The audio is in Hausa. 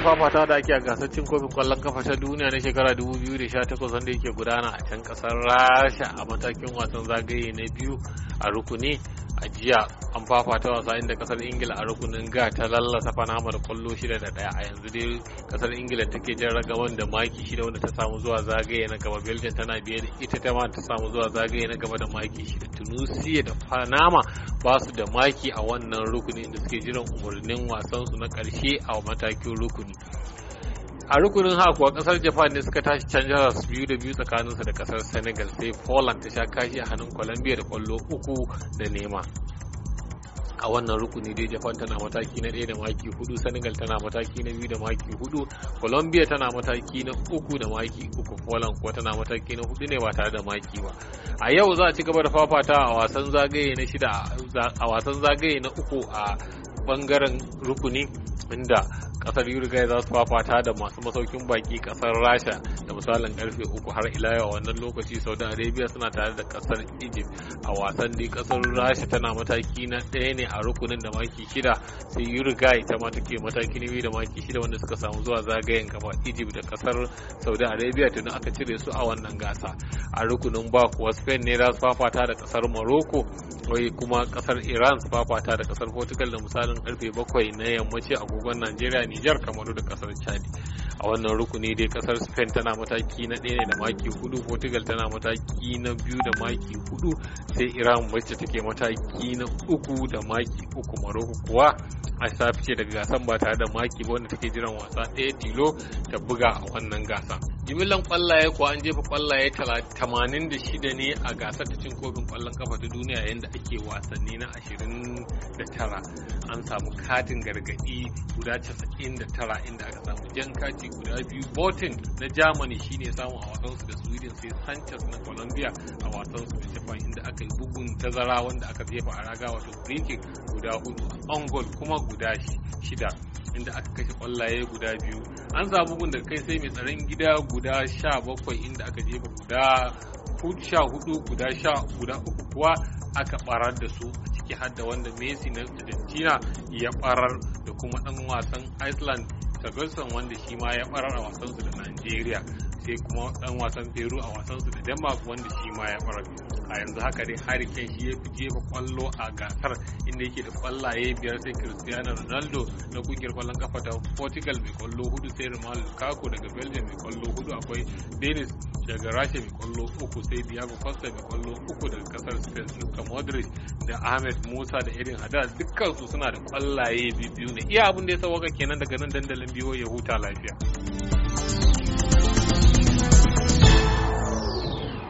da fafata da ake a gasar cin kofin kwallon kafa ta duniya na shekara 2018 wanda yake gudana a can kasar rasha a matakin wasan zagaye na biyu a rukuni a jiya an fafata wasa inda kasar ingila a rukunin ga ta lallasa panama da kwallo shida da daya a yanzu dai kasar ingila take jan ragaman da maki shida wanda ta samu zuwa zagaye na gaba belgium tana biye ita ta ma ta samu zuwa zagaye na gaba da maki shida tunisia da fanama ba su da maki a wannan rukunin da suke jiran umarnin wasansu na karshe a matakin rukuni a rukunin haka kuwa kasar japan ne suka tashi canjar su biyu da biyu tsakaninsu da kasar senegal sai poland ta sha kashi a hannun colombia da kwallo uku da nema a wannan rukuni dai japan tana mataki na ɗaya da maki hudu senegal tana mataki na biyu da maki hudu colombia tana mataki na uku da maki uku poland kuwa tana mataki na hudu ne ba tare da maki ba a yau za a ci gaba da fafata a wasan zagaye na shida a wasan zagaye na uku a bangaren rukuni inda kasar uruguay za su fafata da masu masaukin baki kasar rasha da misalin karfe uku har ila yau wannan lokaci saudi arabia suna tare da kasar egypt a wasan da kasar rasha tana mataki na ɗaya ne a rukunin da maki shida sai uruguay ta ma take mataki na biyu da maki shida wanda suka samu zuwa zagayen gaba egypt da kasar saudi arabia tuni aka cire su a wannan gasa a rukunin ba kuwa spain ne za su fafata da kasar morocco wai kuma kasar iran su fafata da kasar portugal da misalin karfe bakwai na yammaci agogon najeriya ne Nijar Kamaru da kasar Chad. A wannan rukuni dai kasar Spain tana mataki na ɗaya da maki hudu, Portugal tana mataki na biyu da maki 4 sai Iran wacce take mataki na uku da maki uku Morocco kuwa a safice daga gasan ba tare da maki ba wanda take jiran wasa ɗaya tilo ta buga a wannan gasa. jimillan kwallaye ko an jefa kwallaye 86 ne a gasar ta cin kofin kwallon kafa ta duniya yadda ake wasanni na 29 an samu katin gargadi guda 99 inda aka samu jan kati guda biyu botin na germany shine samu a su da sweden sai sanchez na colombia a wasan su da japan inda aka yi bugun tazara wanda aka jefa a raga wato free guda hudu a ongol kuma guda shida inda aka kashe kwallaye guda biyu an samu bugun da kai sai mai tsaron gida guda sha bakwai inda aka jefa guda sha hudu guda sha guda uku kuwa aka barar da su a ciki har da wanda messi na argentina ya barar da kuma dan wasan iceland tagarson wanda shi ma ya barar a wasansu da nigeria sai kuma dan wasan peru a wasan su da denmark wanda shi ma ya fara a yanzu haka dai harry kane shi ya fi jefa kwallo a gasar inda yake da kwallaye biyar sai cristiano ronaldo na kungiyar kwallon kafa ta portugal mai kwallo hudu sai romelu lukaku daga belgium mai kwallo hudu akwai dennis daga rasha mai kwallo uku sai diego costa mai kwallo uku daga kasar spain luka modric da ahmed musa da irin Hazard dukkan su suna da kwallaye biyu ne iya abin da ya sauka kenan daga nan dandalin biyo ya huta lafiya.